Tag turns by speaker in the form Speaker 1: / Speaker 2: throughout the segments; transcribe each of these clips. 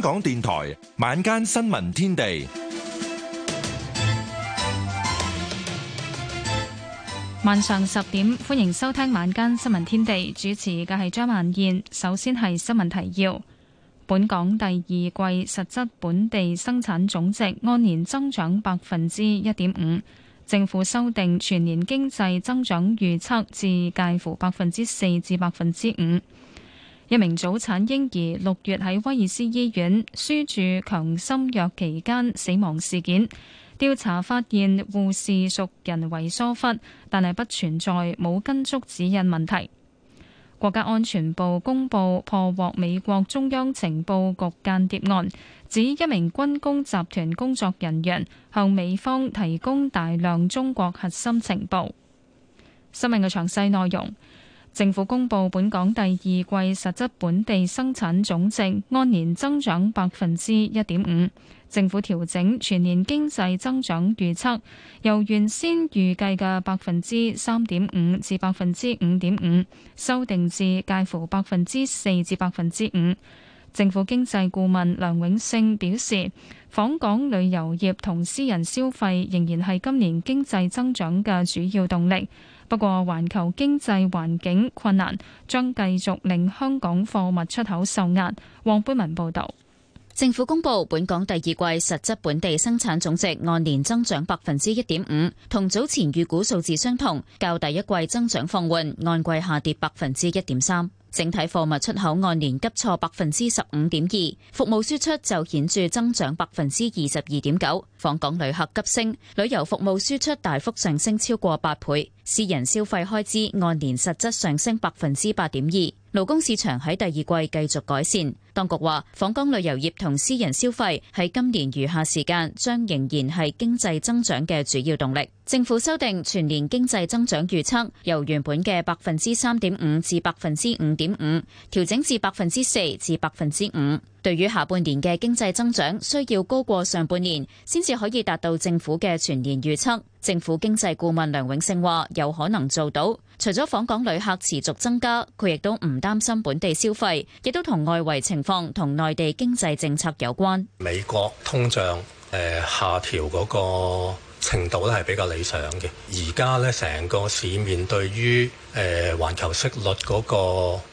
Speaker 1: 香港電台晚間新聞天地，
Speaker 2: 晚上十點，歡迎收聽晚間新聞天地，主持嘅係張曼燕。首先係新聞提要：本港第二季實質本地生產總值按年增長百分之一點五，政府修訂全年經濟增長預測至介乎百分之四至百分之五。一名早產嬰兒六月喺威爾斯醫院輸注強心藥期間死亡事件，調查發現護士屬人為疏忽，但係不存在冇跟足指引問題。國家安全部公布破獲美國中央情報局間諜案，指一名軍工集團工作人員向美方提供大量中國核心情報。新聞嘅詳細內容。政府公布本港第二季實質本地生產總值按年增長百分之一點五。政府調整全年經濟增長預測，由原先預計嘅百分之三點五至百分之五點五，修訂至介乎百分之四至百分之五。政府經濟顧問梁永勝表示，訪港旅遊業同私人消費仍然係今年經濟增長嘅主要動力。不過，環球經濟環境困難將繼續令香港貨物出口受壓。黃貝文報導，
Speaker 3: 政府公布本港第二季實質本地生產總值按年增長百分之一點五，同早前預估數字相同，較第一季增長放緩，按季下跌百分之一點三。整體貨物出口按年急挫百分之十五點二，服務輸出就顯著增長百分之二十二點九。訪港旅客急升，旅遊服務輸出大幅上升超過八倍。私人消費開支按年實質上升百分之八點二，勞工市場喺第二季繼續改善。當局話，訪港旅遊業同私人消費喺今年餘下時間將仍然係經濟增長嘅主要動力。政府修訂全年經濟增長預測，由原本嘅百分之三點五至百分之五點五，調整至百分之四至百分之五。對於下半年嘅經濟增長，需要高過上半年，先至可以達到政府嘅全年預測。政府經濟顧問梁永勝話有可能做到。除咗訪港旅客持續增加，佢亦都唔擔心本地消費，亦都同外圍情況同內地經濟政策有關。
Speaker 1: 美國通
Speaker 4: 脹誒下調嗰個程度咧係比較理想嘅。而家咧成個市面對於誒環球息率嗰個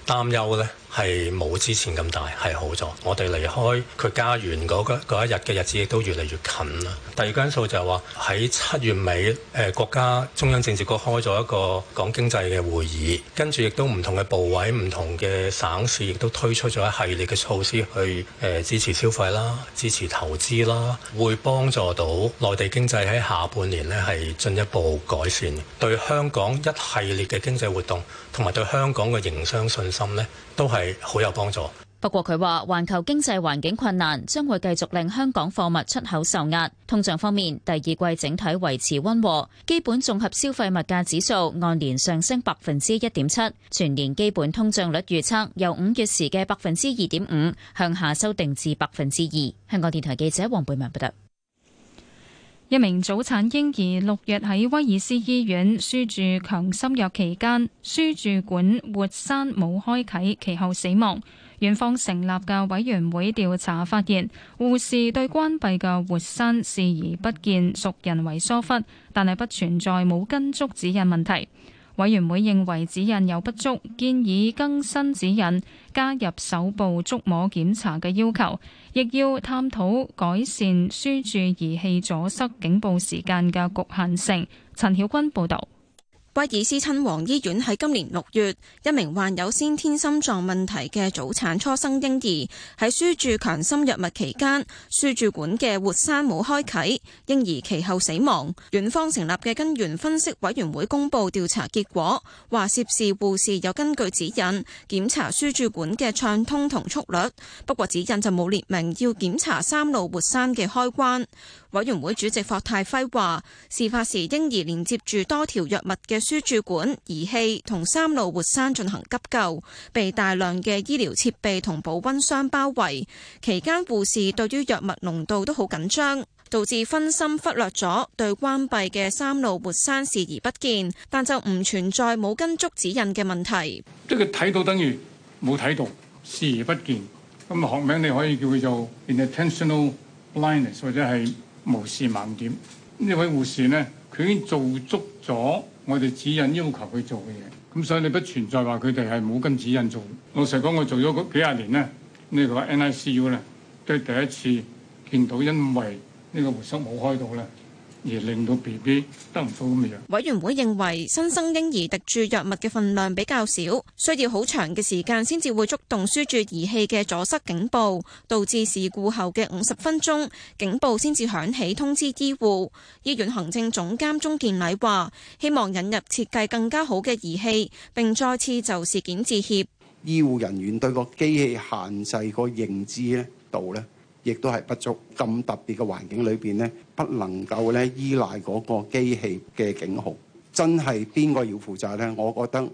Speaker 4: 擔憂咧。係冇之前咁大，係好咗。我哋離開佢家園嗰一日嘅日子亦都越嚟越近啦。第二個因素就係話喺七月尾，誒國家中央政治局開咗一個講經濟嘅會議，跟住亦都唔同嘅部委、唔同嘅省市亦都推出咗一系列嘅措施去誒支持消費啦、支持投資啦，會幫助到內地經濟喺下半年呢，係進一步改善，對香港一系列嘅經濟活動同埋對香港嘅營商信心呢，都係好有幫助。
Speaker 3: 不過佢話，環球經濟環境困難，將會繼續令香港貨物出口受壓。通脹方面，第二季整體維持溫和，基本綜合消費物價指數按年上升百分之一點七，全年基本通脹率預測由五月時嘅百分之二點五向下修訂至百分之二。香港電台記者黃貝文報道。
Speaker 2: 一名早產嬰兒六日喺威爾斯醫院輸注強心藥期間，輸注管活塞冇開啟，其後死亡。院方成立嘅委員會調查發現，護士對關閉嘅活塞視而不見，屬人為疏忽，但係不存在冇跟足指引問題。委員會認為指引有不足，建議更新指引，加入手部觸摸檢查嘅要求，亦要探討改善
Speaker 5: 輸注儀器阻塞警報時間嘅局限性。陳曉君報導。威爾斯親王醫院喺今年六月，一名患有先天心臟問題嘅早產初生嬰兒喺輸注強心藥物期間，輸注管嘅活塞冇開啟，嬰兒其後死亡。院方成立嘅根源分析委員會公布調查結果，話涉事護士有根據指引檢查輸注管嘅暢通同速率，不過指引就冇列明要檢查三路活塞嘅開關。委員會主席霍泰輝話：事發時嬰兒連接住多條藥物嘅輸注管儀器同三路活栓進行急救，被大量嘅醫療設備同保温箱包圍。期間護士對於藥物濃度都好緊張，導致分心忽略咗對關閉嘅三路活栓視而不見。但就唔存在冇跟足指引嘅問題，
Speaker 6: 即佢睇到等於冇
Speaker 1: 睇到，視而不見。咁學名你可以叫佢做 inattentional blindness，或者係。無視盲點，呢位護士呢，佢已經做足咗我哋指引要求佢做嘅嘢，咁所以你不存在話佢哋係冇跟指引做。老實講，我做咗嗰幾廿年呢，呢個 NICU 呢，都係第一次見到因為呢個活塞冇開到呢。而令到 B B 得唔到咁嘅藥。
Speaker 5: 委員會認為，新生嬰兒滴注藥物嘅份量比較少，需要好長嘅時間先至會觸動輸注儀器嘅阻塞警報，導致事故後嘅五十分鐘警報先至響起通知醫護。醫院行政總監鍾建禮話：希望引入設計更加好嘅儀器，並再次就事件致歉。
Speaker 4: 醫護人員對個機器限制個認知呢度咧，亦都係不足，咁特別嘅環境裏邊呢，不能夠呢，依賴嗰個機器嘅警號，真係邊個要負責呢？我覺得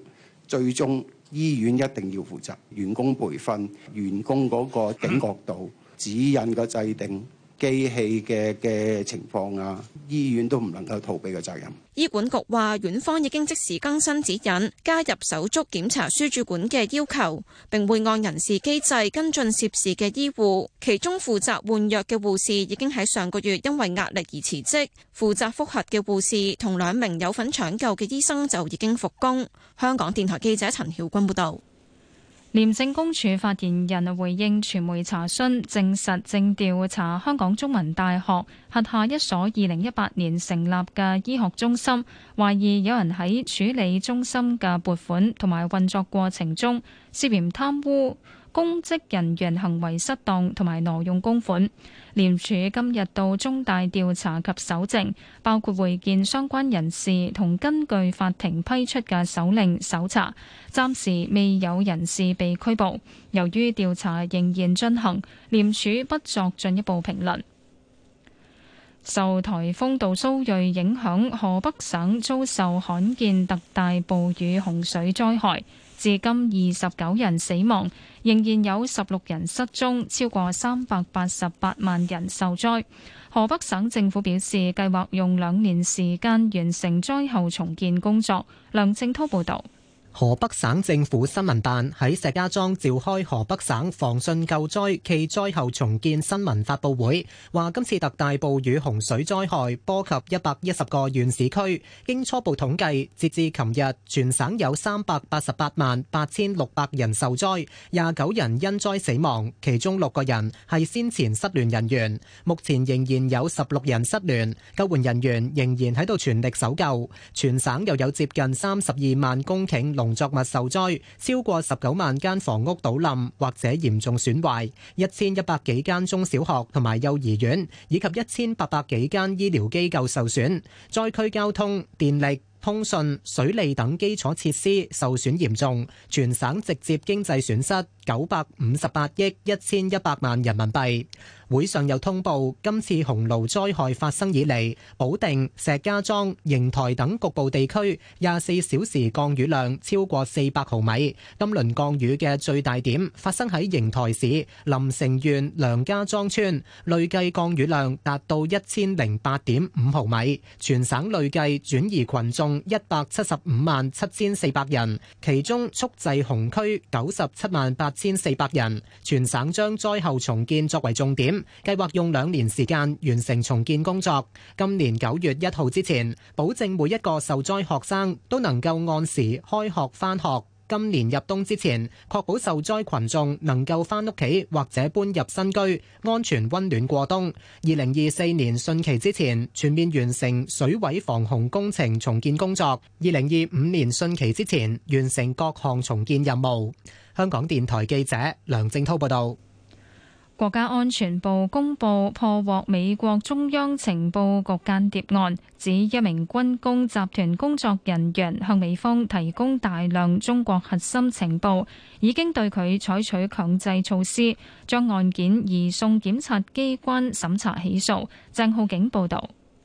Speaker 4: 最終醫院一定要負責，員工培訓、員工嗰個警覺度、指引嘅制定。機器嘅嘅情況啊，醫院都唔能夠逃避嘅責任。
Speaker 5: 醫管局話，院方已經即時更新指引，加入手足檢查輸注管嘅要求，並會按人事機制跟進涉事嘅醫護。其中負責換藥嘅護士已經喺上個月因為壓力而辭職，負責複核嘅護士同兩名有份搶救嘅醫生就已經復工。香港電台記者陳曉君報導。廉政
Speaker 2: 公署發言人回應傳媒查詢，證實正調查香港中文大學轄下一所二零一八年成立嘅醫學中心，懷疑有人喺處理中心嘅撥款同埋運作過程中涉嫌貪污。公職人員行為失當同埋挪用公款，廉署今日到中大調查及搜證，包括會見相關人士同根據法庭批出嘅搜令搜查。暫時未有人士被拘捕。由於調查仍然進行，廉署不作進一步評論。受颱風杜蘇芮影響，河北省遭受罕見特大暴雨洪水災害。至今二十九人死亡，仍然有十六人失蹤，超過三百八十八萬人受災。河北省政府表示，計劃用兩年時間完成災後重建工作。梁正濤報道。
Speaker 7: 河北省政府新聞辦喺石家莊召開河北省防汛救災暨災後重建新聞發佈會，話今次特大暴雨洪水災害波及一百一十個縣市區，經初步統計，截至琴日，全省有三百八十八萬八千六百人受災，廿九人因災死亡，其中六個人係先前失聯人員，目前仍然有十六人失聯，救援人員仍然喺度全力搜救，全省又有接近三十二萬公頃農作物受災，超過十九萬間房屋倒冧或者嚴重損壞，一千一百幾間中小學同埋幼兒園以及一千八百幾間醫療機構受損，災區交通、電力、通訊、水利等基礎設施受損嚴重，全省直接經濟損失。九百五十八億一千一百萬人民幣。會上又通報今次洪澇災害發生以嚟，保定、石家莊、邢台等局部地區廿四小時降雨量超過四百毫米。今輪降雨嘅最大點發生喺邢台市臨城縣梁家莊村，累計降雨量達到一千零八點五毫米。全省累計轉移群眾一百七十五萬七千四百人，其中蓄滯洪區九十七萬八千四百人，全省將災後重建作為重點，計劃用兩年時間完成重建工作。今年九月一號之前，保證每一個受災學生都能夠按時開學翻學。今年入冬之前，確保受災群眾能夠翻屋企或者搬入新居，安全温暖過冬。二零二四年汛期之前，全面完成水位防洪工程重建工作；二零二五年汛期之前，完成各項重建任務。香港電台記者梁正濤報道，
Speaker 2: 國家安全部公布破獲美國中央情報局間諜案，指一名軍工集團工作人員向美方提供大量中國核心情報，已經對佢採取強制措施，將案件移送檢察機關審查起訴。鄭浩景報道。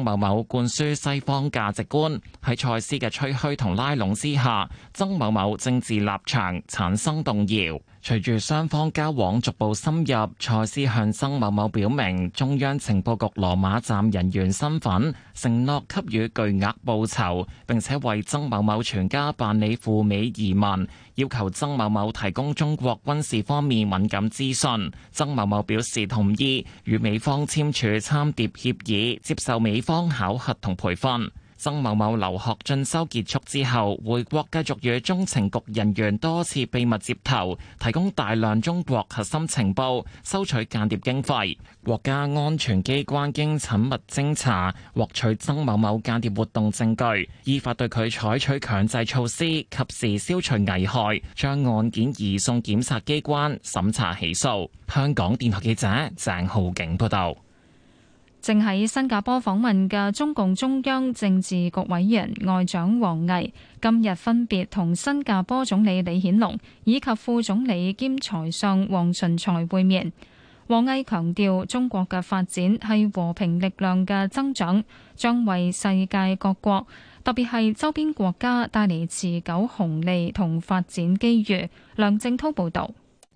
Speaker 6: 曾某某灌輸西方價值觀，喺蔡思嘅吹噓同拉攏之下，曾某某政治立場產生動搖。隨住雙方交往逐步深入，蔡司向曾某某表明中央情報局羅馬站人員身份，承諾給予巨額報酬，並且為曾某某全家辦理赴美移民，要求曾某某提供中國軍事方面敏感資訊。曾某某表示同意，與美方簽署參諜協議，接受美方考核同培訓。曾某某留學進修結束之後回國繼續與中情局人員多次秘密接頭，提供大量中國核心情報，收取間諜經費。國家安全機關經縝密偵查，獲取曾某某間諜活動證據，依法對佢採取強制措施，及時消除危害，將案件移送檢察機關審查起訴。香港電台記者鄭浩景報道。
Speaker 2: 正喺新加坡訪問嘅中共中央政治局委員外長王毅，今日分別同新加坡總理李顯龍以及副總理兼財相王信才會面。王毅強調，中國嘅發展係和平力量嘅增長，將為世界各國，特別係周邊國家，帶嚟持久紅利同發展機遇。梁正濤報道。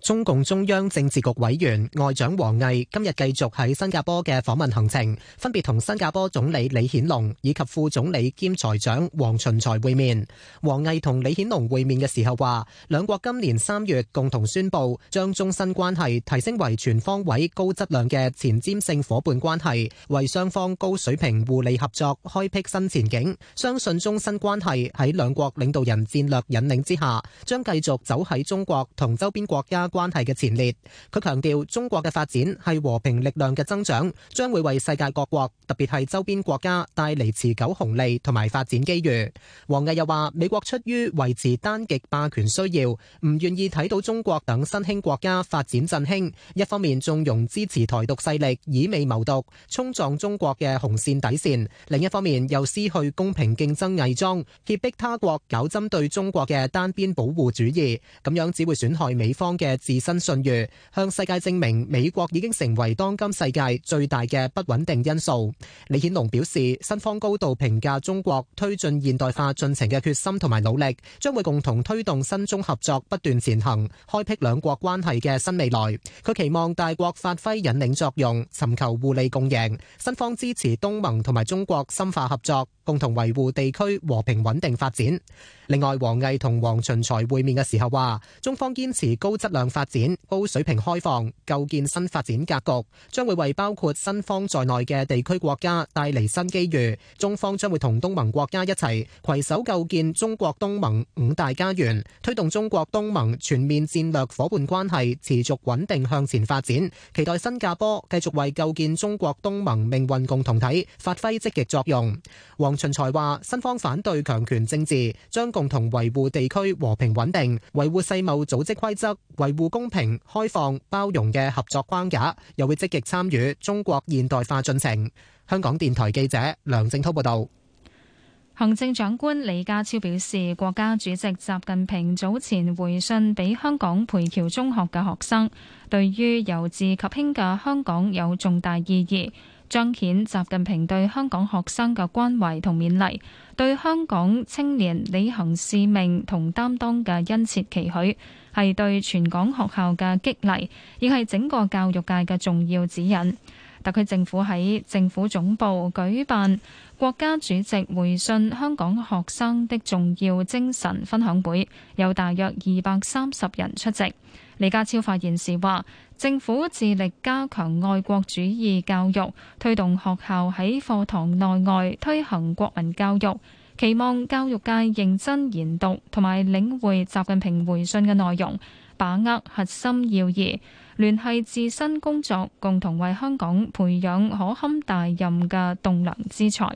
Speaker 7: 中共中央政治局委員外長王毅今日繼續喺新加坡嘅訪問行程，分別同新加坡總理李顯龍以及副總理兼財長黃循財會面。王毅同李顯龍會面嘅時候話，兩國今年三月共同宣布將中新關係提升為全方位高質量嘅前瞻性伙伴關係，為雙方高水平互利合作開辟新前景。相信中新關係喺兩國領導人戰略引領之下，將繼續走喺中國同周邊國家。關係嘅前列，佢強調中國嘅發展係和平力量嘅增長，將會為世界各國，特別係周邊國家帶嚟持久紅利同埋發展機遇。王毅又話，美國出於維持單極霸權需要，唔願意睇到中國等新興國家發展振興，一方面縱容支持台獨勢力以美謀獨，衝撞中國嘅紅綫底綫；另一方面又失去公平競爭偽裝，脅迫他國搞針對中國嘅單邊保護主義，咁樣只會損害美方嘅。自身信譽，向世界證明美國已經成為當今世界最大嘅不穩定因素。李顯龍表示，新方高度評價中國推進現代化進程嘅決心同埋努力，將會共同推動新中合作不斷前行，開闢兩國關係嘅新未來。佢期望大國發揮引領作用，尋求互利共贏，新方支持東盟同埋中國深化合作，共同維護地區和平穩定發展。另外，王毅同黃循財會面嘅時候話，中方堅持高質量發展、高水平開放，構建新發展格局，將會為包括新方在內嘅地區國家帶嚟新機遇。中方將會同東盟國家一齊攜手構建中國東盟五大家園，推動中國東盟全面戰略夥伴關係持續穩定向前發展。期待新加坡繼續為構建中國東盟命運共同體發揮積極作用。王。秦才話：新方反對強權政治，將共同維護地區和平穩定，維護世貿組織規則，維護公平、開放、包容嘅合作框架，又會積極參與中國現代化進程。香港電台記者梁正濤報道。
Speaker 2: 行政長官李家超表示，國家主席習近平早前回信俾香港培僑中學嘅學生，對於由治及興嘅香港有重大意義。彰顯習近平對香港學生嘅關懷同勉勵，對香港青年履行使命同擔當嘅殷切期許，係對全港學校嘅激勵，亦係整個教育界嘅重要指引。特區政府喺政府總部舉辦國家主席回信香港學生的重要精神分享會，有大約二百三十人出席。李家超發言時話。政府致力加強愛國主義教育，推動學校喺課堂內外推行國民教育，期望教育界認真研讀同埋領會習近平回信嘅內容，把握核心要義，聯繫自身工作，共同為香港培養可堪大任嘅棟樑之才。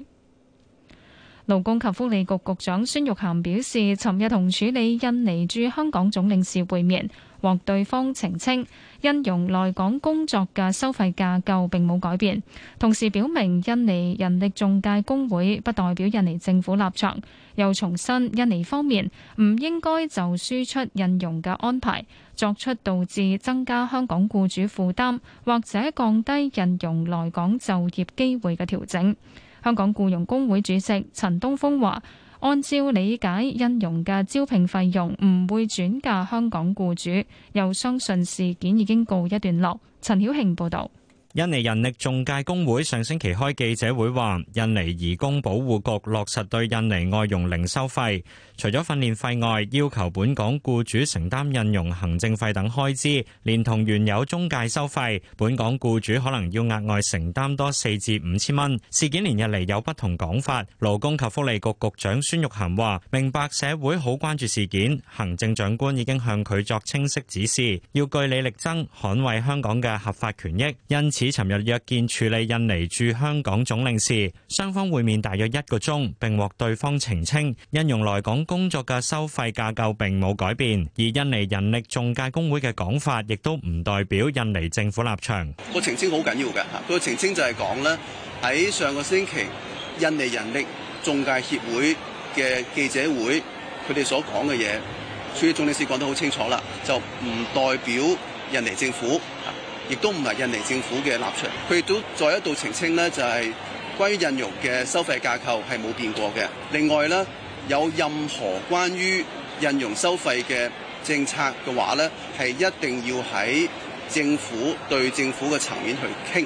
Speaker 2: 勞工及福利局局局長孫玉菡表示，尋日同處理印尼駐香港總領事會面。獲對方澄清，印傭來港工作嘅收費架構並冇改變，同時表明印尼人力仲介工會不代表印尼政府立場，又重申印尼方面唔應該就輸出印傭嘅安排作出導致增加香港僱主負擔或者降低印傭來港就業機會嘅調整。香港僱傭工會主席陳東峰話。按照理解，印傭嘅招聘費用唔會轉嫁香港僱主，又相信事件已經告一段落。陳曉慶報道。
Speaker 8: 印尼人力仲介工會上星期開記者會話，印尼移工保護局落實對印尼外傭零收費，除咗訓練費外，要求本港雇主承擔印傭行政費等開支，連同原有中介收費，本港雇主可能要額外承擔多四至五千蚊。事件連日嚟有不同講法，勞工及福利局局長孫玉菡話：明白社會好關注事件，行政長官已經向佢作清晰指示，要據理力爭，捍衛香港嘅合法權益。因此尋日約見處理印尼駐香港總領事，雙方會面大約一個鐘，並獲對方澄清，印傭來港工作嘅收費架構並冇改變，而印尼人力仲介工會嘅講法亦都唔代表印尼政府立場。
Speaker 4: 個澄清好緊要㗎，佢個澄清就係講咧，喺上個星期印尼人力仲介協會嘅記者會，佢哋所講嘅嘢，處理總領事講得好清楚啦，就唔代表印尼政府。亦都唔係印尼政府嘅立場，佢亦都再一度澄清呢就係關於印尼嘅收費架構係冇變過嘅。另外呢有任何關於印尼收費嘅政策嘅話呢係一定要喺政府對政府嘅層面去傾。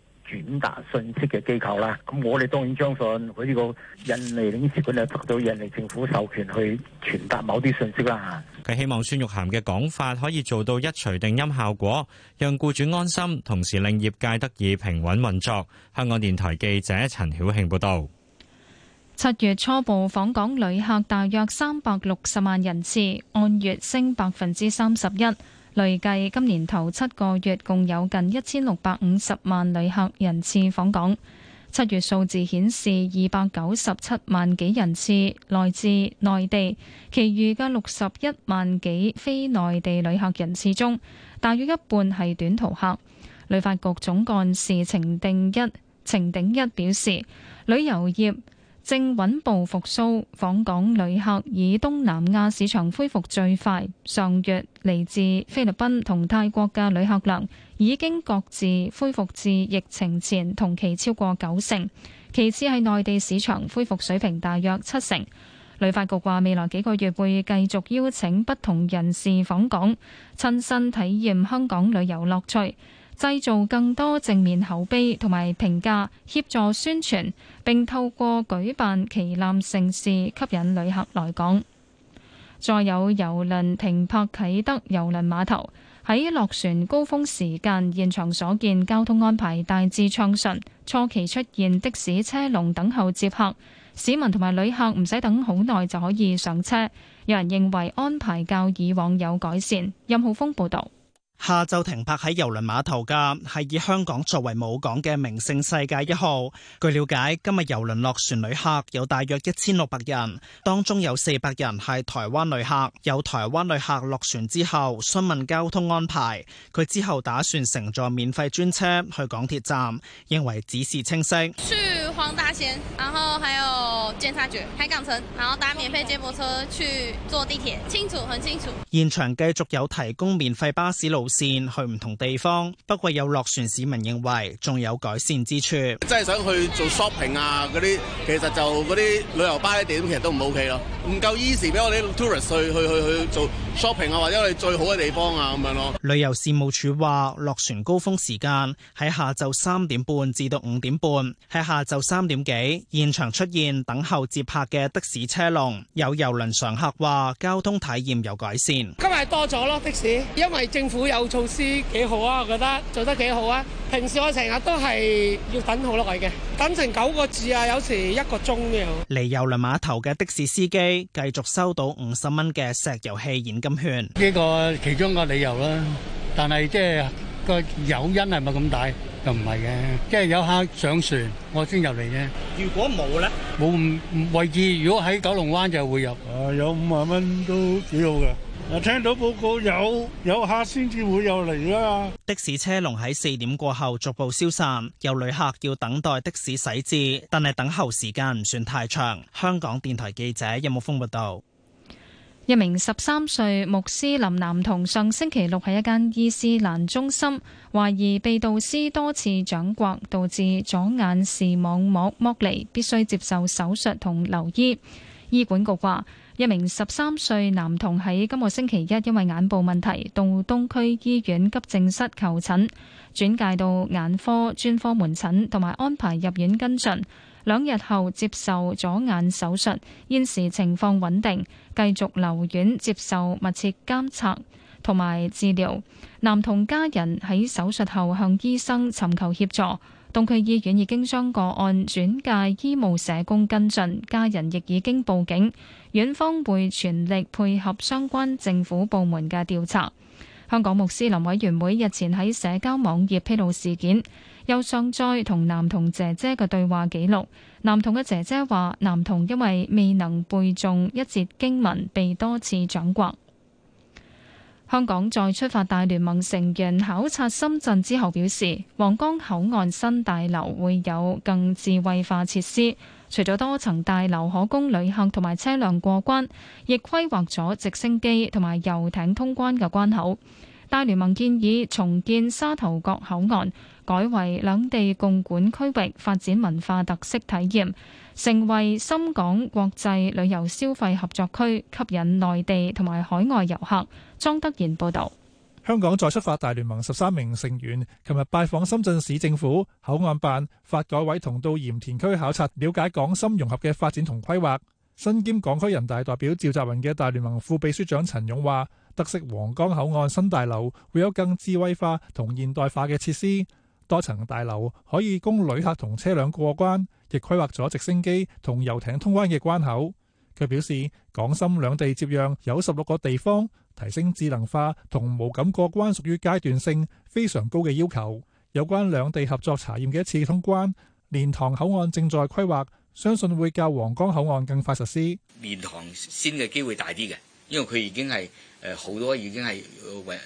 Speaker 8: 傳達信息嘅機構啦，咁我哋當然相信佢呢個印尼領事館咧得到印尼政府授權去傳達某啲信息啦。佢希望孫玉菡嘅講法可以做到一錘定音效果，讓僱主安心，同時令業界得以平穩運作。香港電台記者陳曉慶報道：
Speaker 2: 「七月初步訪港旅客大約三百六十萬人次，按月升百分之三十一。累計今年頭七個月共有近一千六百五十萬旅客人次訪港。七月數字顯示二百九十七萬幾人次來自內地，其餘嘅六十一萬幾非內地旅客人次中，大約一半係短途客。旅發局總幹事程鼎一程鼎一表示，旅遊業。正穩步復甦，訪港旅客以東南亞市場恢復最快。上月嚟自菲律賓同泰國嘅旅客量已經各自恢復至疫情前同期超過九成，其次係內地市場恢復水平大約七成。旅發局話未來幾個月會繼續邀請不同人士訪港，親身體驗香港旅遊樂趣。製造更多正面口碑同埋評價，協助宣傳，並透過舉辦旗艦盛事吸引旅客來港。再有郵輪停泊啟德郵輪碼頭，喺落船高峰時間現場所見交通安排大致暢順，初期出現的士車龍等候接客，市民同埋旅客唔使等好耐就可以上車，有人認為安排較以往有改善。任浩峰報道。
Speaker 9: 下晝停泊喺郵輪碼頭嘅，係以香港作為母港嘅名勝世界一號。據了解，今日郵輪落船旅客有大約一千六百人，當中有四百人係台灣旅客。有台灣旅客落船之後詢問交通安排，佢之後打算乘坐免費專車去港鐵站，認為指示清晰。
Speaker 8: 黃大仙，然後還有監察局、海港城，然後搭免費接駁車去坐地鐵。清楚，很清楚。
Speaker 9: 現場繼續有提供免費巴士路線去唔同地方，不過有落船市民認為仲有改善之處。
Speaker 4: 真係想去做 shopping 啊，嗰啲其實就嗰啲旅遊巴嘅
Speaker 7: 地點，其實都唔 ok 咯，唔夠 easy 俾我啲 tourist 去去去去做 shopping 啊，或者我哋最好嘅地方啊咁樣咯。
Speaker 9: 旅遊事務署話，落船高峰時間喺下晝三點半至到五點半，喺下晝。三點幾，現場出現等候接客嘅的，的士車龍，有遊輪常客話交通體驗有改善。
Speaker 10: 今日多咗咯，的士，因為政府有措施，幾好啊，我覺得做得幾好啊。平時我成日都係要等好耐嘅，等成九個字啊，有時一個鐘呢樣。
Speaker 9: 嚟遊輪碼頭嘅的，的士司機繼續收到五十蚊嘅石油氣現金券，呢個其中個理由啦。但係即係。個誘因係咪咁大？就唔係
Speaker 4: 嘅，即係有客上船，我先入嚟嘅。
Speaker 9: 如果冇咧，
Speaker 4: 冇位置。
Speaker 9: 如果喺九龍灣就會入。啊，有五萬蚊都幾好嘅。啊，聽到報告有有客先至會有嚟啊。的士車龍喺四點過後逐步消散，有旅客要等待的士駛至。但係等候時間唔算太長。香港電台記者任木峰報道。
Speaker 2: 一名十三歲穆斯林男童上星期六喺一間伊斯蘭中心，懷疑被導師多次掌摑，導致左眼視網膜剝離，必須接受手術同留醫。醫管局話，一名十三歲男童喺今個星期一因為眼部問題到東區醫院急症室求診，轉介到眼科專科門診同埋安排入院跟進。兩日後接受左眼手術，現時情況穩定，繼續留院接受密切監察同埋治療。男童家人喺手術後向醫生尋求協助，東區醫院已經將個案轉介醫務社工跟進，家人亦已經報警，院方會全力配合相關政府部門嘅調查。香港穆斯林委員會日前喺社交網頁披露事件，又上載同男童姐姐嘅對話記錄。男童嘅姐姐話，男童因為未能背誦一節經文，被多次掌摑。香港再出發大聯盟成員考察深圳之後，表示皇崗口岸新大樓會有更智慧化設施。除咗多層大樓可供旅客同埋車輛過關，亦規劃咗直升機同埋遊艇通關嘅關口。大聯盟建議重建沙頭角口岸，改為兩地共管區域，發展文化特色體驗，成為深港國際旅遊消費合作區，吸引內地同埋海外遊客。莊德賢報道：
Speaker 1: 香港再出發大聯盟十三名成員琴日拜訪深圳市政府口岸辦、發改委，同到鹽田區考察，了解港深融合嘅發展同規劃。身兼港區人大代表、趙澤雲嘅大聯盟副秘書長陳勇話：特色皇崗口岸新大樓會有更智慧化同現代化嘅設施，多層大樓可以供旅客同車輛過關，亦規劃咗直升機同遊艇通關嘅關口。佢表示，港深兩地接壤有十六個地方提升智能化同無感過關屬於階段性非常高嘅要求。有關兩地合作查驗嘅一次通關，蓮塘口岸正在規劃，相信會較皇崗口岸更快實施。
Speaker 8: 蓮塘先嘅機會大啲嘅，因為，佢已經係誒好多已經係誒、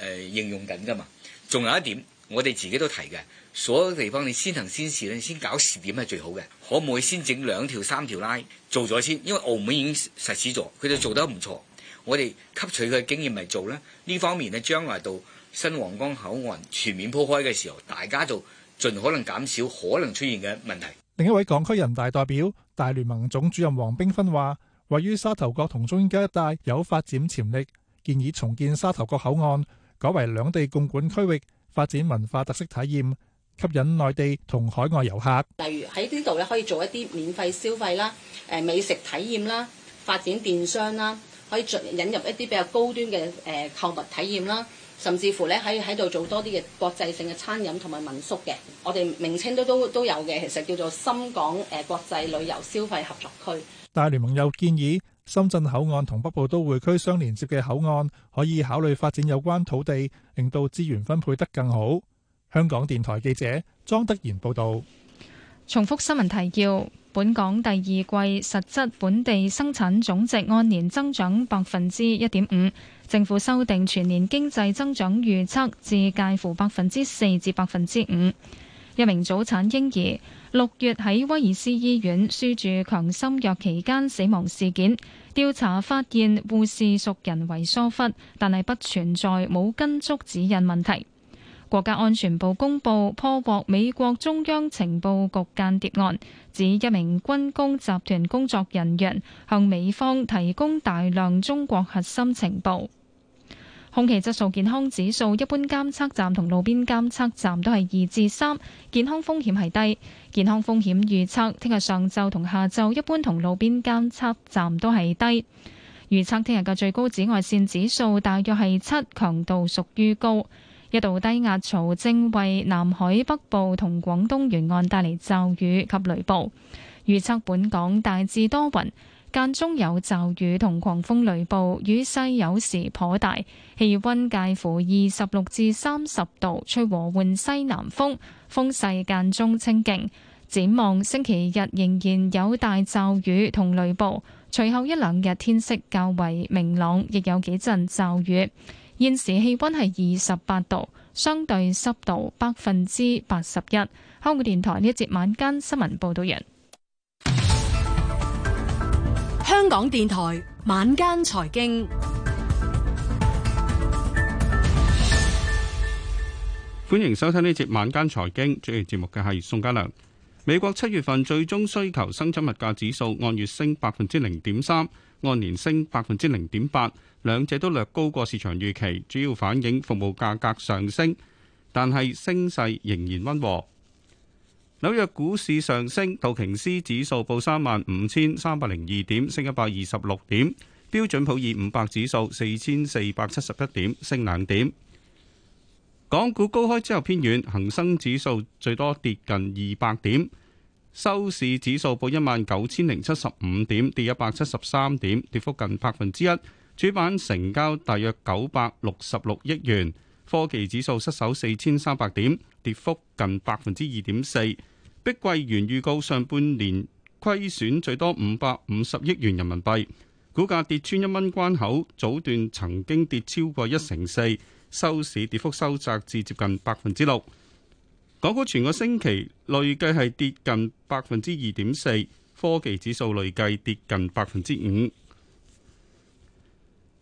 Speaker 8: 呃、應用緊㗎嘛。仲有一點。我哋自己都提嘅，所有地方你先行先試咧，先搞試點係最好嘅。可唔可以先整兩條三條拉做咗先？因為澳門已經實施咗，佢哋做得唔錯，我哋吸取佢經驗嚟做咧，呢方面咧將來到新皇崗口岸全面鋪開嘅時候，大家就盡可能減少可能出現嘅問題。
Speaker 1: 另一位港區人大代表大聯盟總主任黃冰芬話，位於沙頭角同中英街一帶有發展潛力，建議重建沙頭角口岸，改為兩地共管區域。發展文化特色體驗，吸引內地同海外遊客。
Speaker 5: 例如喺呢度咧，可以做一啲免費消費啦，誒美食體驗啦，發展電商啦，可以引入一啲比較高端嘅誒購物體驗啦，甚至乎咧可以喺度做多啲嘅國際性嘅餐飲同埋民宿嘅。我哋名稱都都都有嘅，其實叫做深港誒國際旅遊消費合作區。
Speaker 1: 大聯盟又建議，深圳口岸同北部都會區相連接嘅口岸可以考慮發展有關土地，令到資源分配得更好。香港電台記者莊德賢報導。
Speaker 2: 重複新聞提要：本港第二季實質本地生產總值按年增長百分之一點五，政府修訂全年經濟增長預測至介乎百分之四至百分之五。一名早產嬰兒六月喺威爾斯醫院輸住強心藥期間死亡，事件調查發現，護士屬人為疏忽，但係不存在冇跟足指引問題。國家安全部公佈破獲美國中央情報局間諜案，指一名軍工集團工作人員向美方提供大量中國核心情報。空氣質素健康指數，一般監測站同路邊監測站都係二至三，健康風險係低。健康風險預測，聽日上晝同下晝，一般同路邊監測站都係低。預測聽日嘅最高紫外線指數大約係七，強度屬於高。一道低壓槽正為南海北部同廣東沿岸帶嚟驟雨及雷暴。預測本港大致多雲。間中有驟雨同狂風雷暴，雨勢有時頗大。氣溫介乎二十六至三十度，吹和緩西南風，風勢間中清勁。展望星期日仍然有大驟雨同雷暴，隨後一兩日天色較為明朗，亦有幾陣驟雨。現時氣溫係二十八度，相對濕度百分之八十一。香港電台呢一節晚間新聞報道人。香
Speaker 11: 港電台晚間財經，
Speaker 12: 歡迎收聽呢節晚間財經，主持節目嘅係宋家良。美國七月份最終需求生產物價指數按月升百分之零點三，按年升百分之零點八，兩者都略高過市場預期，主要反映服務價格上升，但係升勢仍然溫和。紐約股市上升，道瓊斯指數報三萬五千三百零二點，升一百二十六點；標準普爾五百指數四千四百七十一點，升兩點。港股高開之後偏軟，恒生指數最多跌近二百點，收市指數報一萬九千零七十五點，跌一百七十三點，跌幅近百分之一。主板成交大約九百六十六億元，科技指數失守四千三百點。跌幅近百分之二點四，碧桂園預告上半年虧損最多五百五十億元人民幣，股價跌穿一蚊關口，早段曾經跌超過一成四，收市跌幅收窄至接近百分之六。港股全個星期累計係跌近百分之二點四，科技指數累計跌近百分之五。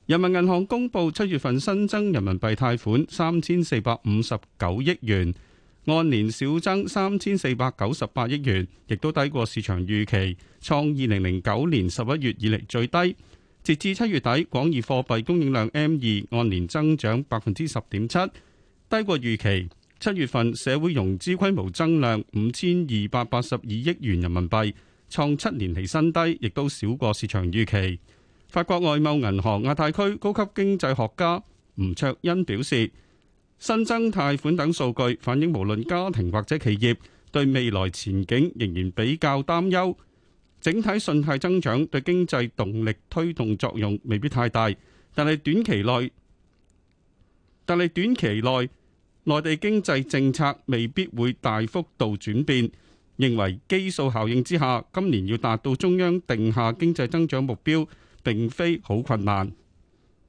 Speaker 12: 人民銀行公布七月份新增人民幣貸款三千四百五十九億元。按年少增三千四百九十八億元，亦都低過市場預期，創二零零九年十一月以嚟最低。截至七月底，廣義貨幣供應量 M2 按年增長百分之十點七，低過預期。七月份社會融資規模增量五千二百八十二億元人民幣，創七年嚟新低，亦都少過市場預期。法國外貿銀行亞太區高級經濟學家吳卓恩表示。新增貸款等數據反映，無論家庭或者企業對未來前景仍然比較擔憂。整體信貸增長對經濟動力推動作用未必太大，但係短期內，但係短期內內地經濟政策未必會大幅度轉變。認為基數效應之下，今年要達到中央定下經濟增長目標並非好困難。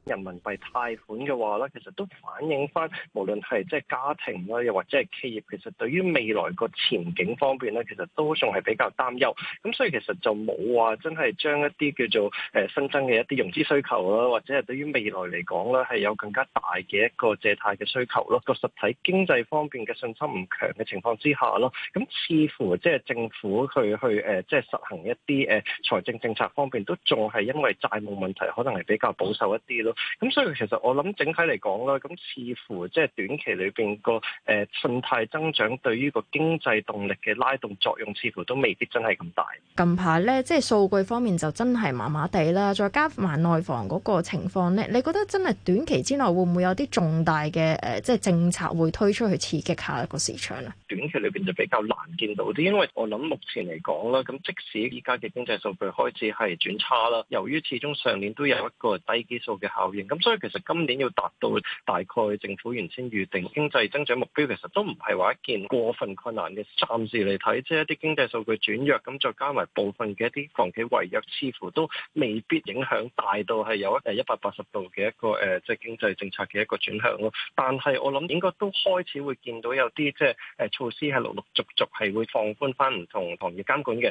Speaker 4: 人民幣貸款嘅話咧，其實都反映返，無論係即係家庭啦，又或者係企業，其實對於未來個前景方面咧，其實都仲係比較擔憂。咁所以其實就冇話真係將一啲叫做誒新增嘅一啲融資需求啦，或者係對於未來嚟講咧係有更加大嘅一個借貸嘅需求咯。個實體經濟方面嘅信心唔強嘅情況之下咯，咁似乎即係政府去去誒，即係實行一啲誒財政政策方面，都仲係因為債務問題，可能係比較保守一啲咯。咁所以其實我諗整體嚟講啦，咁似乎即係短期裏邊個誒信貸增長對於個經濟動力嘅拉動作用，似乎都未必真係咁大。
Speaker 2: 近排咧，即係數據方面就真係麻麻地啦，再加埋內房嗰個情況咧，你覺得真係短期之內會唔會有啲重大嘅誒即係政策會推出去刺激下一個市場啊？
Speaker 4: 短期裏邊就比較難見到啲，因為我諗目前嚟講啦，咁即使依家嘅經濟數據開始係轉差啦，由於始終上年都有一個低基數嘅咁所以其實今年要達到大概政府原先預定經濟增長目標，其實都唔係話一件過分困難嘅。暫時嚟睇，即係一啲經濟數據轉弱，咁再加埋部分嘅一啲房企違約，似乎都未必影響大到係有一誒一百八十度嘅一個誒、呃、即係經濟政策嘅一個轉向咯。但係我諗應該都開始會見到有啲即係誒措施係陸陸續續係會放寬返唔同行業監管嘅。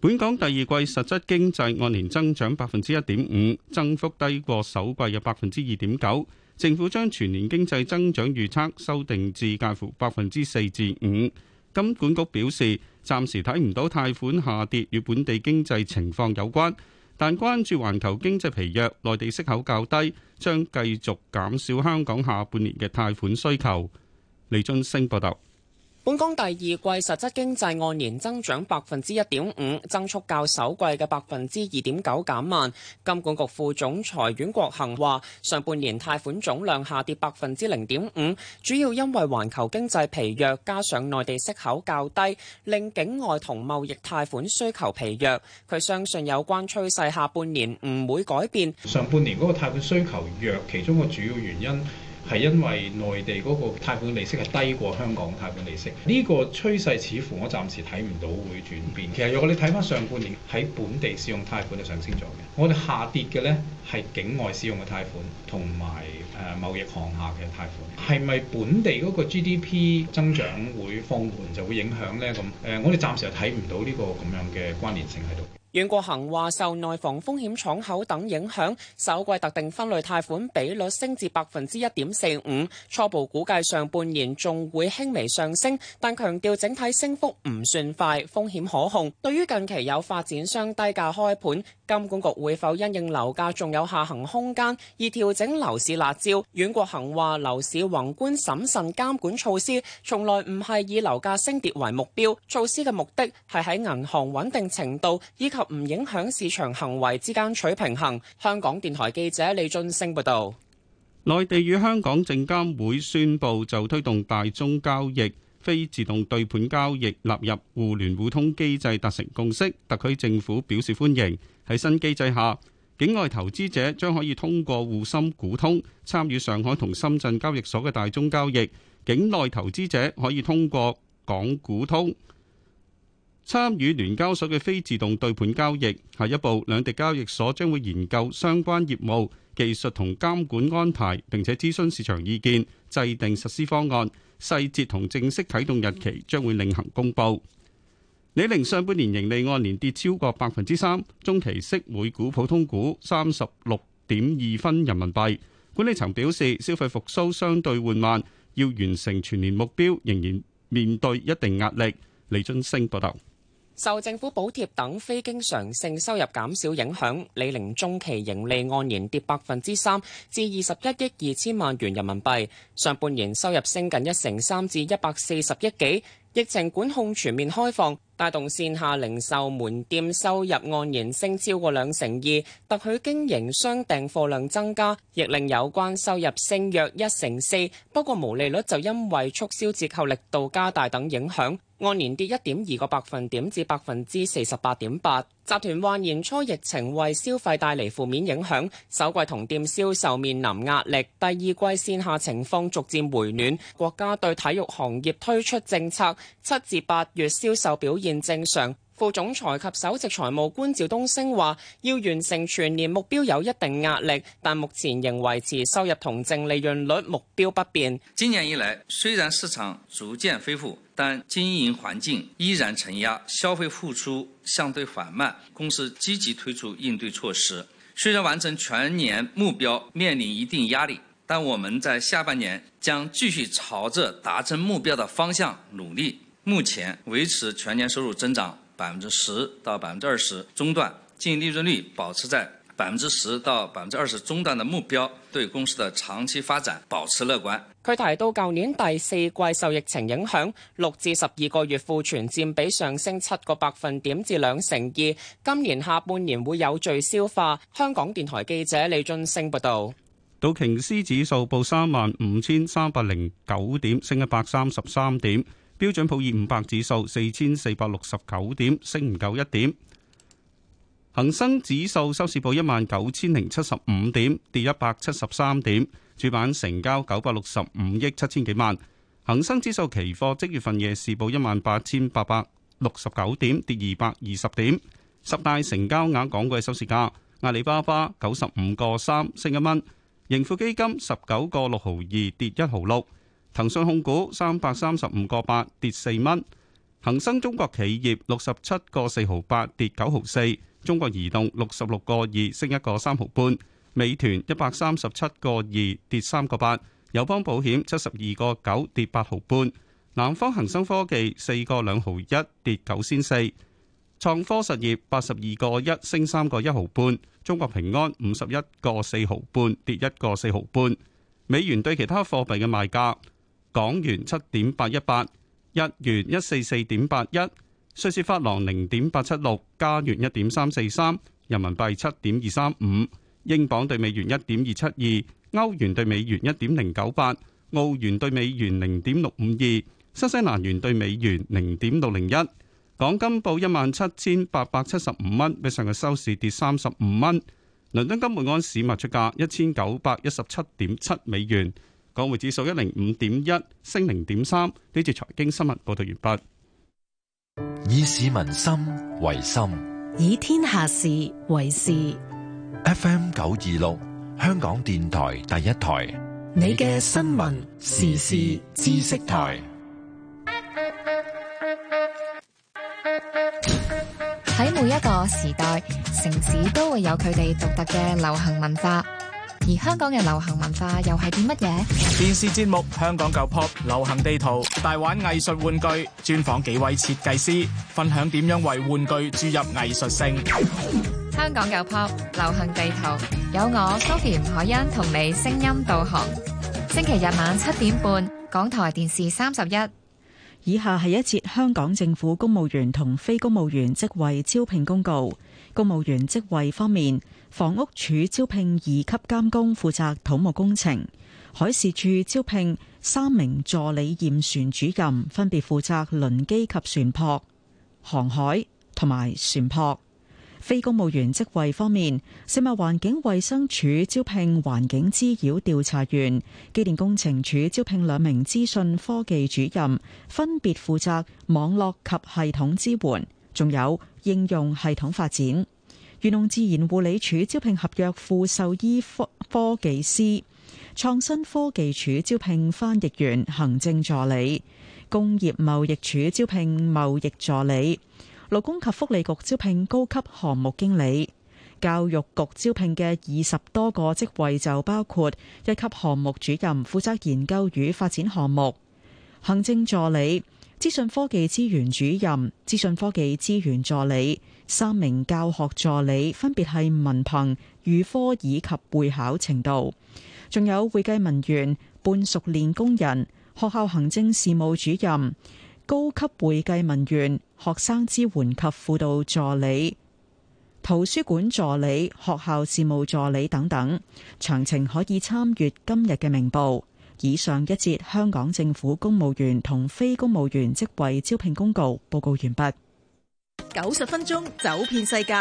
Speaker 12: 本港第二季實質經濟按年增長百分之一點五，增幅低過首季嘅百分之二點九。政府將全年經濟增長預測修訂至介乎百分之四至五。金管局表示，暫時睇唔到貸款下跌與本地經濟情況有關，但關注環球經濟疲弱、內地息口較低，將繼續減少香港下半年嘅貸款需求。李俊升報道。
Speaker 10: 本港第二季實質經濟按年增長百分之一點五，增速較首季嘅百分之二點九減慢。金管局副總裁阮國恆話：上半年貸款總量下跌百分之零點五，主要因為環球經濟疲弱，加上內地息口較低，令境外同貿易貸款需求疲弱。佢相信有關趨勢下半年唔會改變。
Speaker 4: 上半年嗰個貸款需求弱，其中個主要原因，係因為內地嗰個貸款利息係低過香港貸款利息，呢個趨勢似乎我暫時睇唔到會轉變。其實如果你睇返上半年喺本地使用貸款就上升咗嘅，我哋下跌嘅呢係境外使用嘅貸款同埋誒貿易項下嘅貸款，係咪本地嗰個 GDP 增長會放緩就會影響呢？咁誒，我哋暫時係睇唔到呢個咁樣嘅關聯性喺度。
Speaker 10: 阮國恒話受內房風險敞口等影響，首季特定分類貸款比率升至百分之一點四五，初步估計上半年仲會輕微上升，但強調整體升幅唔算快，風險可控。對於近期有發展商低價開盤，金管局會否因應樓價仲有下行空間而調整樓市辣招？阮國恒話樓市宏觀審慎監管措施從來唔係以樓價升跌為目標，措施嘅目的係喺銀行穩定程度以及及唔影響市場行為之間取平衡。香港電台記者李俊升報道。
Speaker 12: 內地與香港證監會宣布就推動大宗交易非自動對盤交易納入互聯互通機制達成共識，特區政府表示歡迎。喺新機制下，境外投資者將可以通過滬深股通參與上海同深圳交易所嘅大宗交易，境內投資者可以通過港股通。參與聯交所嘅非自動對盤交易，下一步，兩地交易所將會研究相關業務技術同監管安排，並且諮詢市場意見，制定實施方案。細節同正式啟動日期將會另行公佈。李寧上半年盈利按年跌超過百分之三，中期息每股普通股三十六點二分人民幣。管理層表示，消費復甦相對緩慢，要完成全年目標，仍然面對一定壓力。李津升報道。
Speaker 10: 受政府補貼等非經常性收入減少影響，李寧中期盈利按年跌百分之三，至二十一億二千萬元人民幣。上半年收入升近一成三，至一百四十億幾。疫情管控全面開放，帶動線下零售門店收入按年升超過兩成二。特許經營商訂貨量增加，亦令有關收入升約一成四。不過毛利率就因為促銷折扣力度加大等影響。按年跌一點二個百分點至百分之四十八點八。集團話，年初疫情為消費帶嚟負面影響，首季同店銷售面臨壓力。第二季線下情況逐漸回暖，國家對體育行業推出政策，七至八月銷售表現正常。副總裁及首席財務官趙東升話，要完成全年目標有一定壓力，但目前仍維持收入同淨利潤率目標不變。
Speaker 8: 今年以來，雖然市場逐漸恢復，但經營環境依然承壓，消費復蘇相對緩慢。公司積極推出應對措施，雖然完成全年目標面臨一定壓力，但我們在下半年將繼續朝着達成目標的方向努力。目前維持全年收入增長，百分之十到百分之二十中段，淨利潤率保持在百分之十到百分之二十中段的目標，對公司的長期發展保持樂觀。
Speaker 10: 佢提到，舊年第四季受疫情影響，六至十二個月庫存佔比上升七個百分點至兩成二，今年下半年會有序消化。香港電台記者李俊升報道。
Speaker 12: 道瓊斯指數報三萬五千三百零九點，升一百三十三點。標準普爾五百指數四千四百六十九點，升唔夠一點，恒生指數收市報一萬九千零七十五點，跌一百七十三點，主板成交九百六十五億七千幾萬，恒生指數期貨即月份夜市報一萬八千八百六十九點，跌二百二十點，十大成交額港股收市價，阿里巴巴九十五個三升一蚊，盈富基金十九個六毫二跌一毫六。騰訊控股三百三十五個八跌四蚊，恒生中國企業六十七個四毫八跌九毫四，中國移動六十六個二升一個三毫半，美團一百三十七個二跌三個八，友邦保險七十二個九跌八毫半，南方恒生科技四個兩毫一跌九仙四，創科實業八十二個一升三個一毫半，中國平安五十一個四毫半跌一個四毫半，美元對其他貨幣嘅賣價。港元七點八一八，日元一四四點八一，瑞士法郎零點八七六，加元一點三四三，人民幣七點二三五，英鎊兌美元一點二七二，歐元兌美元一點零九八，澳元兌美元零點六五二，新西蘭元兌美元零點六零一。港金報一萬七千八百七十五蚊，比上日收市跌三十五蚊。倫敦金每盎司賣出價一千九百一十七點七美元。港匯指數一零五點一升零點三，呢節財經新聞報道完畢。
Speaker 4: 以市民心為心，
Speaker 2: 以天下事為
Speaker 9: 事。
Speaker 4: F M 九二六，香港電台第一台，
Speaker 9: 你嘅新聞時事知識台。
Speaker 5: 喺每一個時代，城市都會有佢哋獨特嘅流行文化。而香港嘅流行文化又係啲乜嘢？
Speaker 6: 電視節目《香港舊 pop 流行地圖》，大玩藝術玩具，專訪幾位設計師，分享點樣為玩具注入藝術性。
Speaker 5: 香港舊 pop 流行地圖，有我蘇甜海欣同你聲音導航。星期日晚七點半，港台電視三十一。以下係一節香
Speaker 11: 港政府公務員同非公務員職位招聘公告。公務員職位方面。房屋署招聘二級監工，負責土木工程；海事處招聘三名助理驗船主任，分別負責輪機及船舶、航海同埋船舶。非公務員職位方面，食物環境衛生署招聘環境滋擾調查員；機電工程處招聘兩名資訊科技主任，分別負責網絡及系統支援，仲有應用系統發展。漁農自然護理署招聘合約副獸醫科科技師，創新科技署招聘翻譯員、行政助理，工業貿易署招聘貿易助理，勞工及福利局招聘高級項目經理，教育局招聘嘅二十多個職位就包括一級項目主任負責研究與發展項目、行政助理、資訊科技資源主任、資訊科技資源助理。三名教學助理分別係文憑預科以及會考程度，仲有會計文員、半熟練工人、學校行政事務主任、高級會計文員、學生支援及輔導助理、圖書館助理、學校事務助理等等。詳情可以參閱今日嘅明報。以上一節香港政府公務員同非公務員職位招聘公告報告完畢。九十分鐘走遍世界。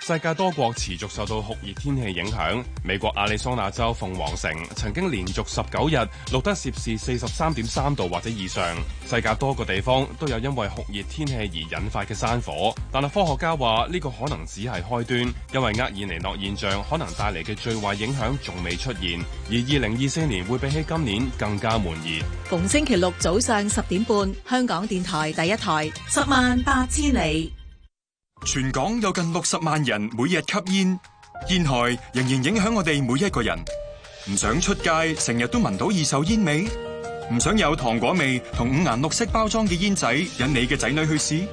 Speaker 11: 世界多國
Speaker 12: 持續受到酷熱天氣影響，美國亞利桑那州鳳凰城曾經連續十九日錄得攝氏四十三點三度或者以上。世界多個地方都有因為酷熱天氣而引發嘅山火，但係科學家話呢個可能只係開端，因為厄爾尼諾現象可能帶嚟嘅最壞影響仲未出現，而二零二四年會比起今年更加悶熱。
Speaker 11: 逢星期六早上十點半，香港電台第一台，十萬八千里。
Speaker 12: 全港有近六十萬人每日吸煙，煙害仍然影響我哋每一個人。唔想出街成日都聞到二手煙味，唔想有糖果味同五顏六色包裝嘅煙仔引你嘅仔女去試，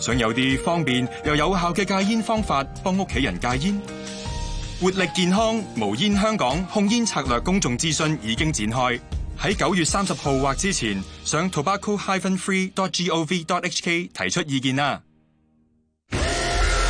Speaker 12: 想有啲方便又有效嘅戒煙方法幫屋企人戒煙。活力健康無煙香港控煙策略公眾諮詢已經展開，喺九月三十號或之前上 tobacco hyphen free dot gov dot hk 提出意見啦。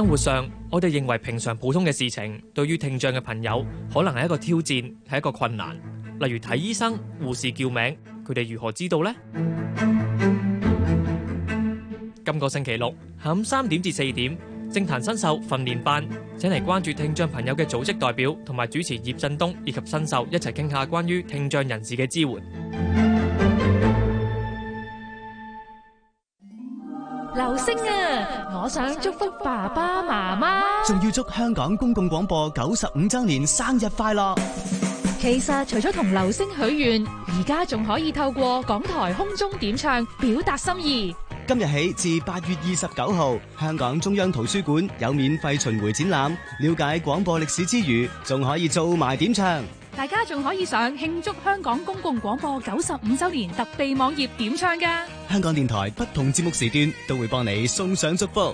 Speaker 8: 生活上，我哋認為平常普通嘅事情，對於聽障嘅朋友，可能係一個挑戰，係一個困難。例如睇醫生、護士叫名，佢哋如何知道呢？今個星期六下午三點至四點，政壇新秀訓練班，請嚟關注聽障朋友嘅組織代表同埋主持葉振東以及新秀一齊傾下關於聽障人士嘅支援。
Speaker 2: 流星啊！我想祝福爸爸媽媽，仲要祝香港公
Speaker 7: 共廣播九十五周年生日
Speaker 2: 快樂。其實除咗同流星許願，而家仲可以透過港台空中點唱表達心意。
Speaker 7: 今日起至八月二十九號，香港中央圖書館有免費巡迴展覽，了解廣播歷史之餘，仲可以做埋點唱。
Speaker 2: 大家仲可以上慶祝香港公共廣播九十五周年特備網頁點唱噶。香港電台不同節目時段都會幫你送上祝福。